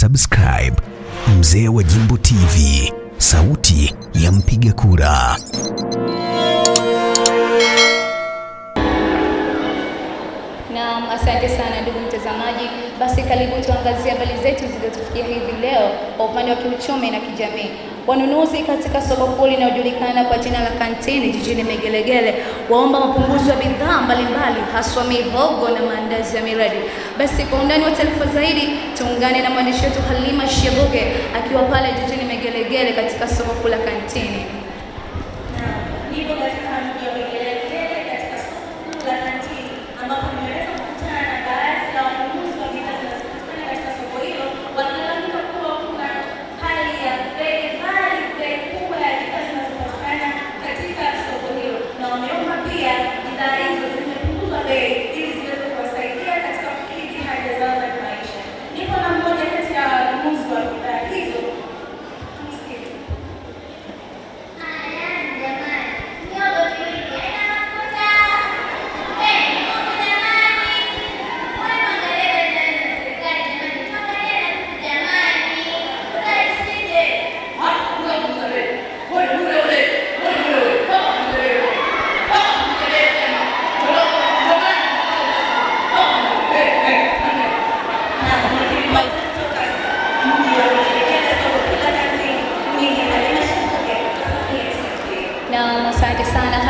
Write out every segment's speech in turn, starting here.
subscribe Mzee wa Jimbo TV, sauti ya mpiga kura. Naam, asante sana ndugu mtazamaji. Basi karibu tuangazie habari zetu zilizotufikia hivi leo kwa upande wa kiuchumi na kijamii. Wanunuzi katika soko kuu linalojulikana kwa jina la Kantini jijini Megelegele waomba mapunguzo ya bidhaa mbalimbali haswa mihogo na maandazi ya miradi. Basi kwa undani wa taarifa zaidi tuungane na mwandishi wetu Halima Shebuge akiwa pale jijini Megelegele katika soko kuu la Kantini.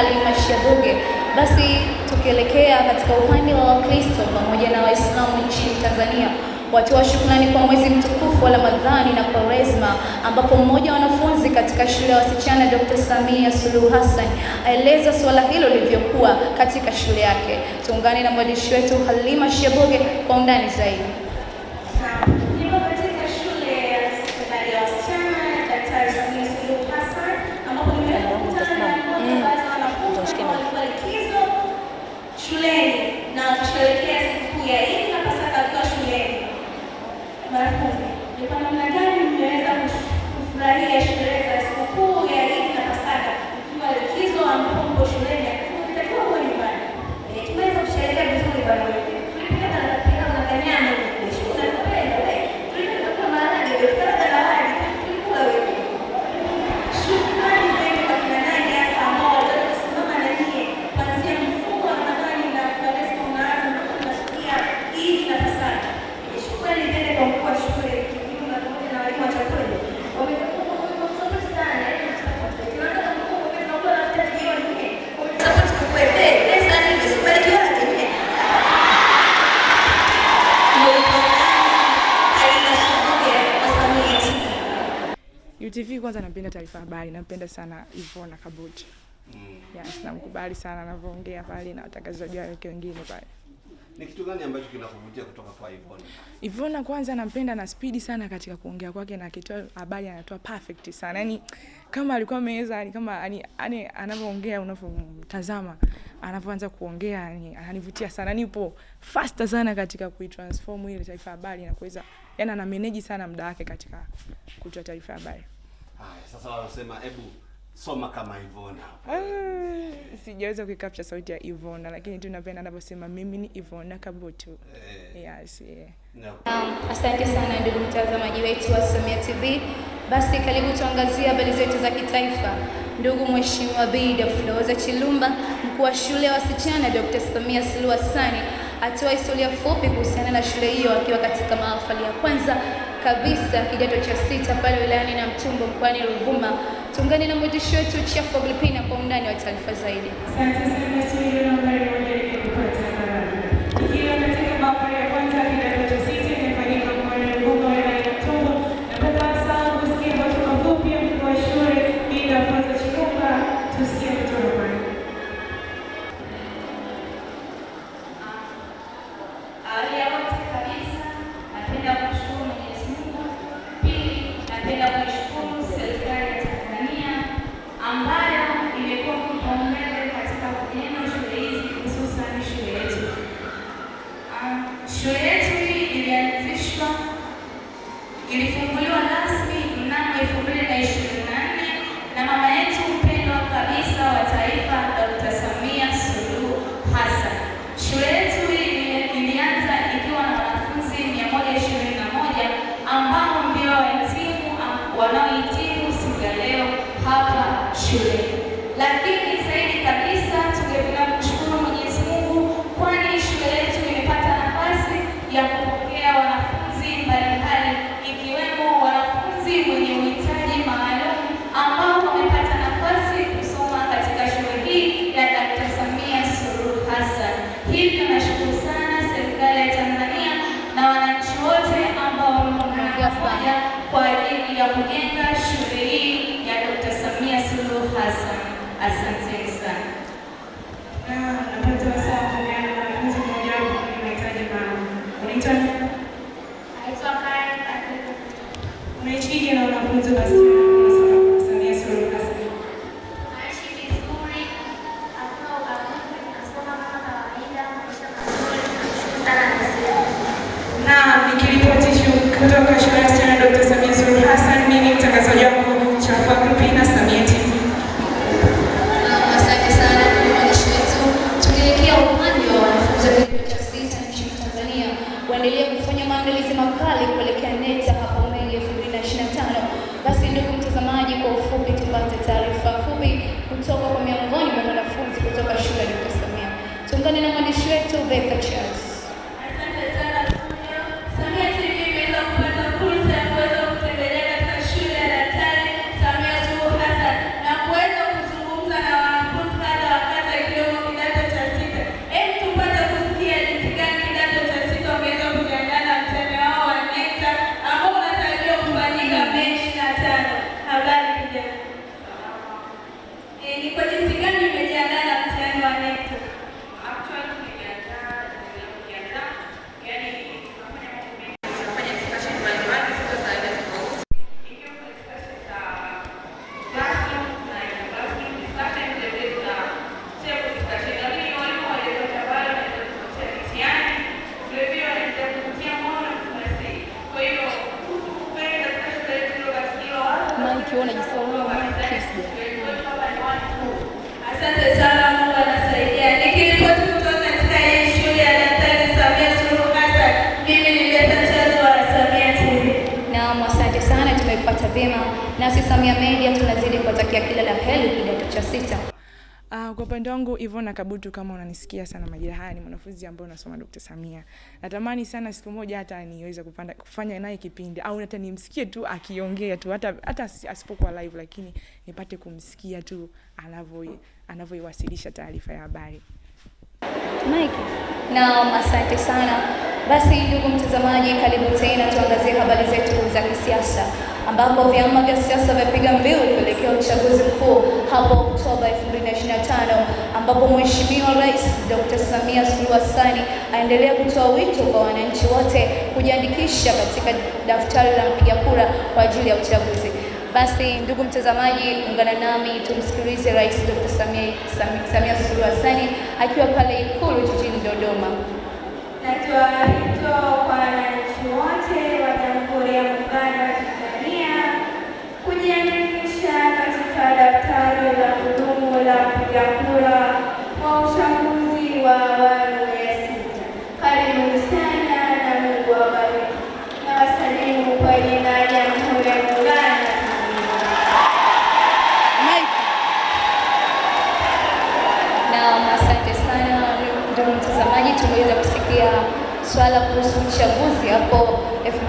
Halima Shabuge. Basi tukielekea katika upande wa Wakristo pamoja na Waislamu nchini Tanzania watoa shukrani kwa mwezi mtukufu wa Ramadhani na Kwaresma, ambapo mmoja wa wanafunzi katika shule ya wasichana Dr. Samia Suluhu Hassan aeleza suala hilo lilivyokuwa katika shule yake. Tuungane na mwandishi wetu Halima Shabuge kwa undani zaidi. María kwanza nampenda taarifa habari, nampenda sana Ivona Kabuji. Mm. Yes, namkubali sana anavyoongea pale na watangazaji wake wengine pale. Ni kitu gani ambacho kinakuvutia kutoka kwa Ivona? Ivona kwanza nampenda na spidi sana katika kuongea kwake na akitoa habari anatoa perfect sana. Yaani kama alikuwa ameweza yani kama yani yani anavyoongea unavyomtazama anavyoanza kuongea yani ananivutia sana. Nipo yaani faster sana katika kuitransform ile taarifa habari na kuweza yani ana manage sana muda wake katika kutoa taarifa habari sasa wanasema hebu soma kama Ivona. Ah, sijaweza kuikapcha sauti ya Ivona lakini tu napenda anavyosema mimi ni Ivona Kabutu. Eh. Yes, yeah. No. Um, asante sana ndugu mtazamaji wetu wa Samia TV. Basi karibu tuangazie habari zetu za kitaifa. Ndugu Mheshimiwa Bida Floza Chilumba, mkuu wa shule ya wasichana Dr. Samia Suluhu Hassan atoa historia fupi kuhusiana na shule hiyo akiwa katika mahafali ya kwanza kabisa kidato cha sita pale wilayani na Mtumbo mkoani Ruvuma. Tuungane na mwandishi wetu Chafu Agripina kwa undani wa taarifa zaidi. घेणार ukiona Kristo. Asante sana, Mungu anasaidia. Nikiripoti kutoka katika hii shule ya Daktari Samia Suluhu Hassan, mimi ni Beta Chazo wa Samia TV. Naam, asante sana, tumepata vyema. Nasi Samia Media tunazidi kuwatakia kila la heri kidato cha sita kwa upande wangu Ivona Kabutu, kama unanisikia sana majira haya, ni mwanafunzi ambaye unasoma Dr. Samia. Natamani sana siku moja hata niweze kupanda kufanya naye kipindi au hata nimsikie tu akiongea tu hata hata asipokuwa live, lakini nipate kumsikia tu anavyo anavyoiwasilisha taarifa ya habari. Mike, asante sana. Basi ndugu mtazamaji, karibu tena tuangazie habari zetu za kisiasa ambapo vyama vya siasa vyapiga mbiu kuelekea uchaguzi mkuu hapo Oktoba 2025, ambapo Mheshimiwa Rais Dr. Samia Suluhu Hassan aendelea kutoa wito kwa wananchi wote kujiandikisha katika daftari la mpiga kura kwa ajili ya uchaguzi. Basi ndugu mtazamaji, ungana nami tumsikilize Rais Dr. Samia, Samia, Samia Suluhu Hassan akiwa pale Ikulu jijini Dodoma. swala kuhusu uchaguzi hapo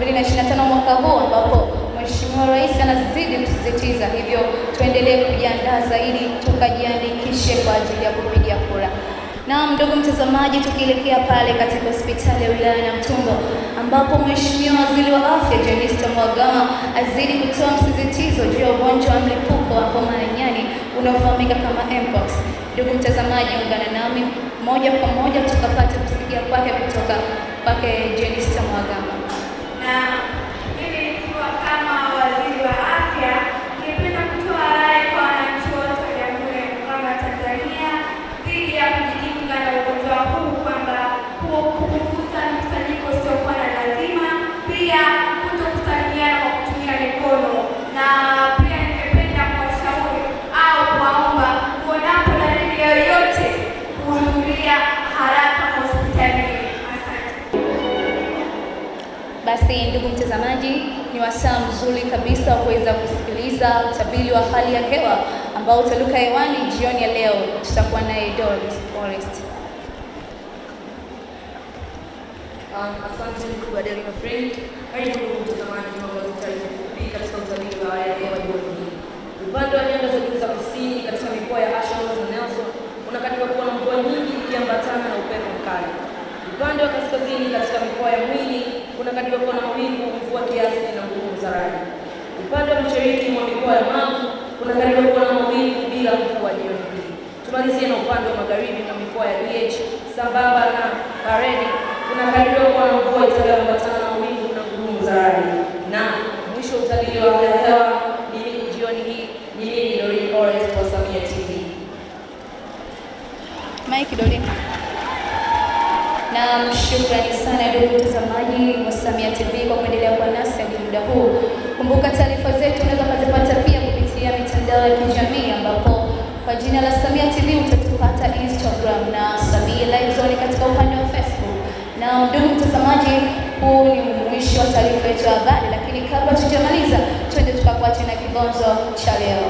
2025 mwaka huu ambapo Mheshimiwa Rais anazidi kusisitiza, hivyo tuendelee kujiandaa zaidi, tukajiandikishe kwa ajili ya kupiga kura. Na mdogo mtazamaji, tukielekea pale katika hospitali ya wilaya ya Namtumbo ambapo Mheshimiwa Waziri wa Afya Jenista Mhagama azidi kutoa msisitizo juu ya ugonjwa wa mlipuko wa homa ya nyani unaofahamika kama mpox. Ndugu mtazamaji, ungana nami moja kwa moja tukapate kusikia kwake kutoka pakai jenis semua agama. Nah, Basi ndugu mtazamaji, ni wasaa mzuri kabisa wa kuweza kusikiliza utabiri wa hali ya hewa ambao utaluka hewani jioni ya leo. Tutakuwa naye Doris Forest. Um, asante ndugu Adelina Friend. Karibu ndugu mtazamaji, fupi katika utabiri wa hali ya hewa jioni hii. Upande wa nyanda za juu za kusini katika mikoa ya Ashanti na Nelson unakadiriwa kuwa na mvua nyingi ikiambatana na upepo mkali. Upande wa kaskazini katika mikoa ya Mwingi kunakadiriwa kuwa na mawingu, mvua kiasi na nguvu za radi. Upande wa mashariki mwa mikoa ya Magu kunakadiriwa kuwa na mawingu bila mvua jioni hii. Tumalizie na upande wa magharibi na mikoa ya DH sambamba na Kareli kunakadiriwa kuwa na mvua itakayoambatana na mawingu na nguvu za radi. Na mwisho utabiri wa hali ya hewa ni nini jioni hii? Ni nini? Doreen Orenz kwa Samia TV. Mike Doreen Naam, shukrani sana ndugu mtazamaji wa Samia TV kwa kuendelea kuwa nasi hadi muda huu. Kumbuka taarifa zetu unaweza kuzipata pia kupitia mitandao ya kijamii ambapo kwa jina la Samia TV utatupata Instagram na Samia Live Zone katika upande wa Facebook. Na ndugu mtazamaji, huu ni mwisho wa taarifa yetu ya habari, lakini kabla tujamaliza, twende tukakuache na kibonzo cha leo.